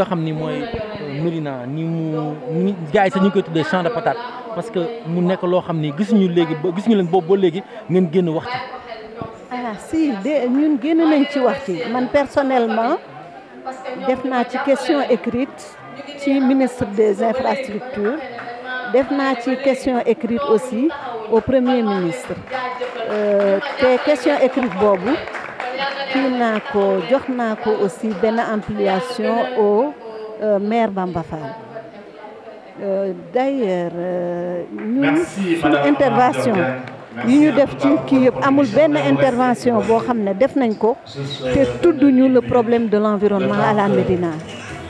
nga xam ni mooy euh, Médina ni mu gars yi sax ñu koy tuddee champ de patate parce que mu nekk loo xam ni gisuñu léegi ba gisuñu leen boobu ba léegi ngeen génn wax ah si de ñun génn nañ ci wax man personnellement def naa ci question écrite ci ministre des infrastructures def naa ci question écrite aussi au premier ministre euh, te question écrite boobu kii joxnako aussi ben ampliation au euh, maire Bamba Fall euh, d'ailleurs euh, nous suñu intervention yi ñu def ci ki yëpp amul benn intervention boo xam ne def nañ ko te tudduñu le problème de l'environnement à la Médina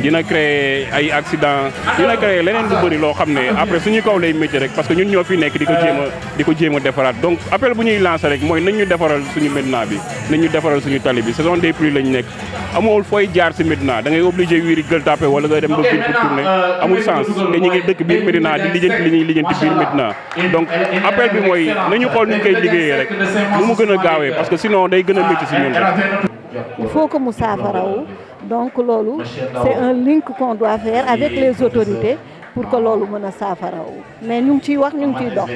dina créer ay accident dina créer leneen lu bëri loo xam ne après suñu kaw lay métti rek parce que ñun ñoo fi nekk di ko jéem ko jéem a defaraat donc appel bu ñuy lancé rek mooy nañ ñu defaral suñu Médina bi nañ ñu defaral suñu tali bi saison des pluies lañ nekk amul fooy jaar si Médina da ngay obligé wiiri gël tapé wala nga dem ba biir pour tourner amul sens te ñu dëkk biir Médina di li ñuy lijjanti biir Médina donc appel bi mooy nañu xool ñu koy liggéeyee rek nu mu gën a gaawee parce que sinon day gën a métti si ñun rek il faut que donc loolu c'est un link qu'on doit faire avec les autorités pour que loolu mën a saafarawu mais ñu ngi ciy wax ñu ngi ciy dox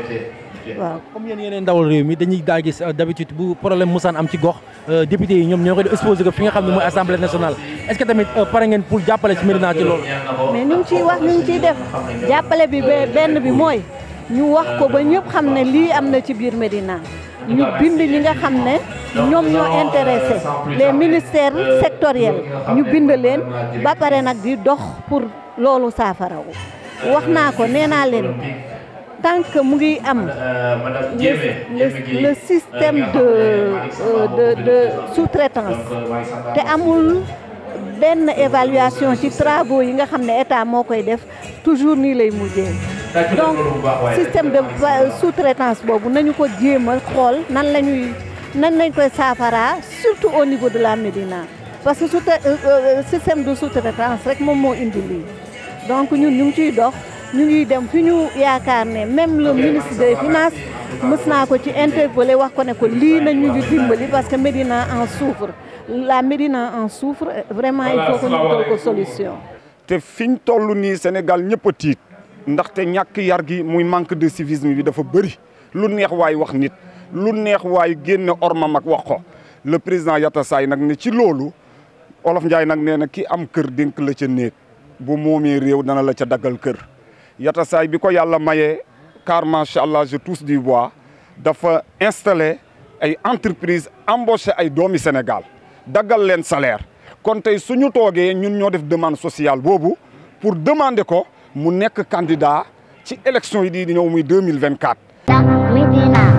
waaw comme yéen yeneen ndawal réew mi dañuy daa gis euh, d'habitude bu problème musaan am ci gox euh, député yi ñoom ñoo koy exposé ko fi nga xam ne assemblée nationale est-ce que tamit euh, pare ngeen pour jàppale ci Médina ci loolu mais ñu ngi ciy wax ñu ngi ciy def jàppale bi benn bi mooy ñu wax ko ba ñëpp xam ne lii am na ci biir Médina ñu bind ñi nga xam ñoom ñoo intéressé les ministères sectoriels ñu bind leen ba paré nak di dox pour lolu saafarawu wax naa ko nee naa leen tant que mu ngi am le système de euh, de de sous-traitance té amul ben évaluation ci travaux yi nga xamné état mo koy def toujours ni lay mujjé donc système de euh, sous-traitance bobu nañu ko jéem xol nan la ñuy nan lañ koy saafaraa surtout au niveau de la Médina parce que soute euh, euh, euh, système de sous-traitance rek moom indi donc ñun ñu ngi ciy dox ñu ngi dem fi ñu ne même le ministre des finances mës naa ko ci interpellé wax ko ne ko lii nañu ñu dimbali parce que Médina en souffre la Médina en souffre vraiment il faut que ñu trouve ko solution te fiñ toll nii Sénégal ñëpp a tiit ndaxte ñàkk yar gi muy manque de civisme bi dafa bëri lu neex waay wax nit lu neex waayu orma wax ko le président yatasaay nak ne ci lolu olof Ndjay nak ne na ki am keur denk la ci neek bu moomee rew dana la ci dagal keur Yata bi biko Yalla mayé car machallah je tous du bois dafa installé ay entreprise embaucher ay domi Sénégal dagal len salaire kon tey suñu togué ñun ñoo def demande sociale bobu pour demander ko mu nekk candidat ci élection yi di muy 2024